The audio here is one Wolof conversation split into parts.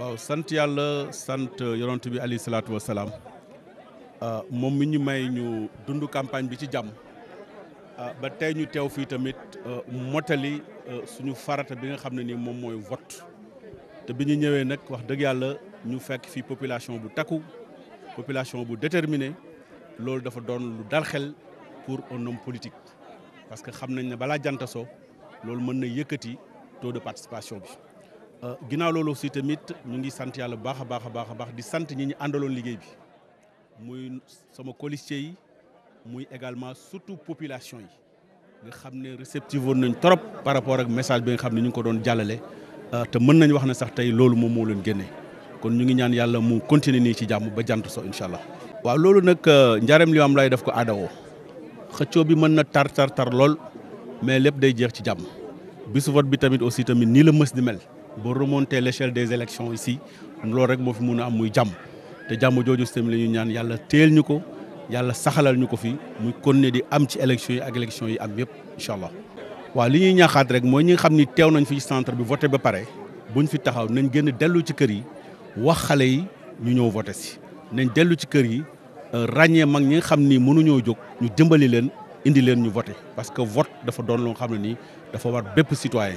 waaw sant yàlla sant yonent bi alayhi salaatu wa ah, moom mi ñu may ñu dund campagne bi ci jàmm ah, ba tey ñu teew fii tamit ah, motali suñu farata bi nga xam ni vote te bi ñu ñëwee wax ñu fekk population bu population bu déterminée loolu dafa doon lu pour un homme politique parce que xam ne balaa loolu mën taux de participation Euh, ginnaaw loolu aussi tamit ñu ngi sant yàlla bu baax a baax a baax a baax di sant ñi ñu àndaloon liggéey bi muy sama policiers yi muy également surtout population yi nga xam ne réceptive woon nañ trop par rapport ak message bi nga xam ne ñu ngi ko doon jàllale euh, te mën nañu wax ne sax tey loolu moom moo leen génnee kon ñu ngi ñaan yàlla mu continuer nii ci jàmm ba jant so incha allah. waaw loolu nag euh, njaareem li am lay def ko aadawoo xëccoo bi mën na tar tar tar lool mais lépp day jeex ci jàmm bisu vote bi tamit aussi tamit nii la mës di mel. Pour remonter l'échelle des élections ici lool rek mo fi mun am muy jàmm té jàmm que ñaan yalla téel ñuko yalla saxalal ñuko fi muy élections yi ak élections yi li rek ñi nañ fi centre bi ba pare buñ fi taxaw nañ gën delu ci kër yi wax yi ñu ñëw voter si nañ delu ci kër yi euh, ragné mag ñi xamni mënu ñoo ñu parce que vote dafa doon lo xamni dafa war citoyen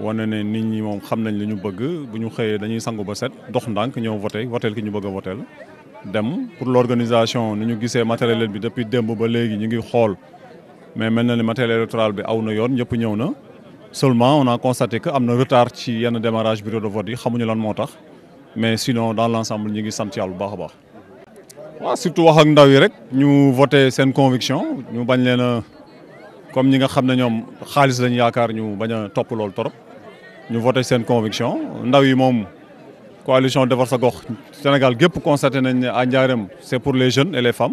wane ne nit ñi moom xam nañ li ñu bëgg bu ñu xëyee dañuy sangu ba set dox ndànk ñëw voté voteel ki ñu bëgg a voteel dem pour l'organisation ni ñu gisee matériel bi depuis démb ba léegi ñu ngi xool mais mel na ni matériel électoral bi aw na yoon ñëpp ñëw na seulement on a constaté que am na retard ci yenn démarrage bureau de vote yi xamuñu lan moo tax mais sinon dans l'ensemble ñu ngi sant yàlla bu baax a baax. waaw surtout wax ak ndaw yi rek ñu voté seen conviction ñu bañ leen a comme ñi nga xam ne ñoom xaalis lañu yaakaar ñu bañ a topp loolu trop ñu voté seen conviction ndaw yi moom coalition defar sa gox Sénégal gépp constaté nañ ne à Ndiarème c'est pour les jeunes et les femmes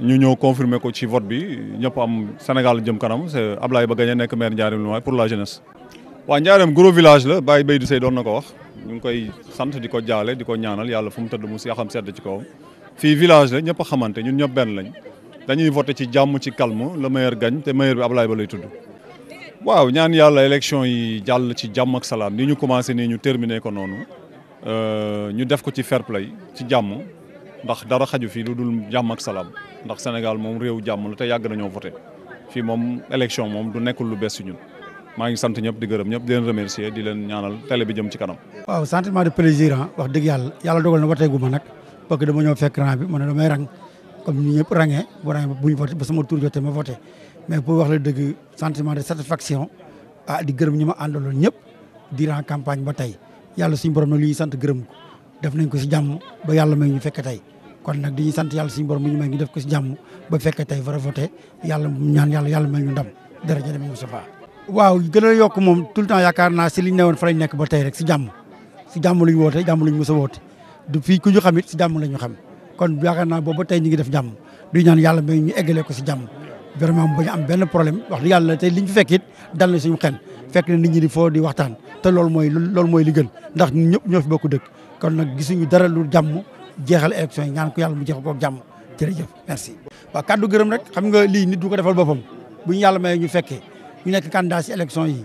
ñu ñëw confirmer ko ci vote bi ñëpp am Sénégal jëm kanam c'est Ablaye Ba Gagné nekk maire Ndiarème Limameul pour la jeunesse. waa Ndiarème gros village la Baye Baye di Sey doon na ko wax ñu ngi koy sant di ko jaale di ko ñaanal yàlla fu mu tëdd mu si xam sedd ci kawam fii village la ñëpp a xamante ñun ñëpp benn lañ dañuy voté ci jàmm ci calme le meilleur gagne te meilleur bi Ablaye Ba lay tudd. waaw ñaan yàlla élection yi jàll ci jàmm ak salaam ni ñu commencé nii ñu terminé ko noonu euh, ñu def ko ci fair ci jàmm ndax dara xaju fii lu dul jàmm ak salaam ndax Sénégal moom réew jàmm la te yàgg nañoo voté fii moom élection moom du nekkul lu bees si ñun maa ngi sant ñëpp di gërëm ñëpp di leen remercier di leen ñaanal télé bi jëm ci kanam. waaw sentiment de plaisir ah, wax dëgg yàlla yàlla dogal na woteegu ma nag parce que dama ñëw fekk rang bi ma ne damay rang bu rangé ba sama tour jotee ma voté mais pour wax la deug sentiment de satisfaction a ah, di gërëm ñi andal lu ñëpp di ran campagne ba tay yalla suñu borom li sante gërëm ko def nañ ko ci jamm ba yalla may ñu fekk tay kon nak di ñu sante yalla suñu borom ñu may ñu def ko ci jamm ba fekk tay war a yalla yàlla ñaan yalla yalla may ñu ndam dara mu safa waaw gëna a yokk moom tout temps yaakaar na ci li newoon fa lañ nekk ba tay rek si jàmm si jàmm luñ woote jamm luñ mos a woote du fi ku ñu xamit ci jamm jàmm ñu xam kon yaakaar na bo ba tay ñi ngi def jamm du ñaan yalla may ñu eggalee ko ci jamm vraiment mu bañ am benn problème wax dëgg yàlla tey liñ fi fekk it dal na suñu xel fekk na nit ñi di foo di waxtaan te loolu mooy loolu mooy li gën ndax ñëpp ñoo fi bokk dëkk kon nag gisuñu dara lu jàmm jeexal élection yi ñaan ko yàlla mu jeexal ko jàmm jërëjëf merci. waaw kàddu gërëm rek xam nga lii nit du ko defal boppam bu ñu yàlla may ñu fekkee ñu nekk candidat si élection yi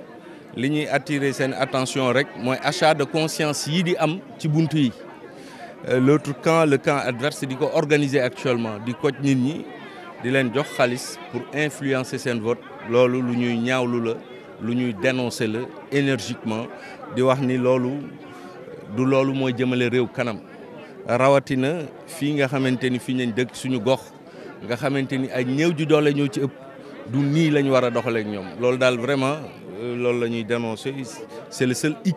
li ñuy attirer seen attention rek mooy achat de conscience yi di am ci buntu yi euh, l'autre camp le camp adverse di ko organiser actuellement di coach nit ñi di len jox xaliss pour influencer sen vote lolu lu ñuy ñaawlu la lu ñuy dénoncer le énergiquement di wax ni lolu du lolu moy jëmele rew kanam rawatina fi nga xamanteni fi fii nañ dëkk suñu gox nga xamanteni ay ñew ju doole ñoo ci ëpp du ni lañ wara doxale ak ñom lolu dal vraiment loolu la ñuy dénoncer c'est le seul hic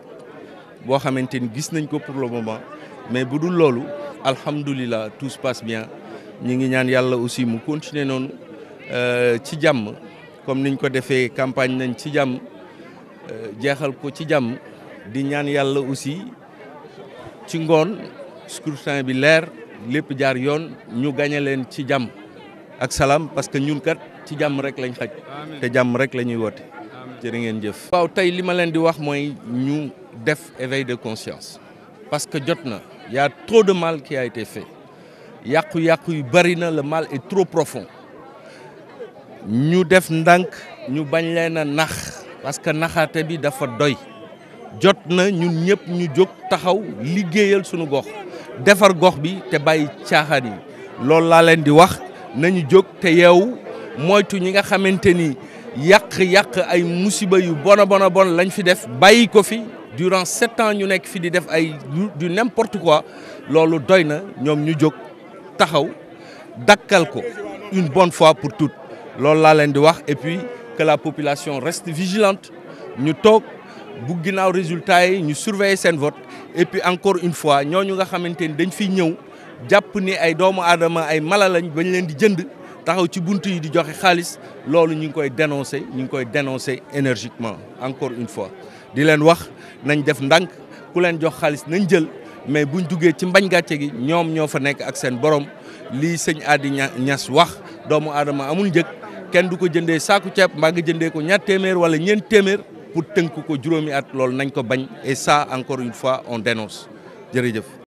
boo xamante ni gis nañ ko pour le moment mais bu dul loolu alhamdulilah tout se passe bien ñi ngi ñaan yàlla aussi mu continuer noonu euh, ci jàmm comme niñ ko defee campagne nañ ci jàmm euh, jeexal ko ci jàmm di ñaan yàlla aussi ci ngoon scrutin bi leer lépp jaar yoon ñu gagné leen ci jàmm ak salaam parce que ñun kat ci jàmm rek lañ xaj te jàmm rek la ñuy woote Nous ngeen que je éveil de conscience parce que il y a trop de mal qui a été fait le mal est trop profond nous def nous ñu parce que nous bi dafa doy Jotna, Nous ñun ñu jog taxaw liggéeyal suñu gox mal gox bi té di wax nañu yak yak ay musiba yu bon bon fi def bayiko durant 7 ans ñu ont fi n'importe quoi nous doyna ñom ñu jog une bonne fois pour toutes lolu la leen et puis que la population reste vigilante ñu tok bu ginaaw résultat yi ñu surveiller sen vote et puis encore une fois nous nga xamante dañ fi ñew ni ay doomu taxaw ci buntu yi di joxe xaalis loolu ñu ngi koy dénoncer ñu ngi koy dénoncer énergiquement encore une fois di leen wax nañ def ndank ku leen jox xaalis nañ jël mais buñ duggee ci mbañ gàcce gi ñoom ñoo fa nekk ak seen borom lii sëñ Adi Ñas wax doomu aadama amul njëg kenn du ko jëndee saaku ceeb mbaa nga jëndee ko ñaar téeméer wala ñeent téeméer pour tënk ko juróomi at loolu nañ ko bañ et ça encore une fois on dénonce jërëjëf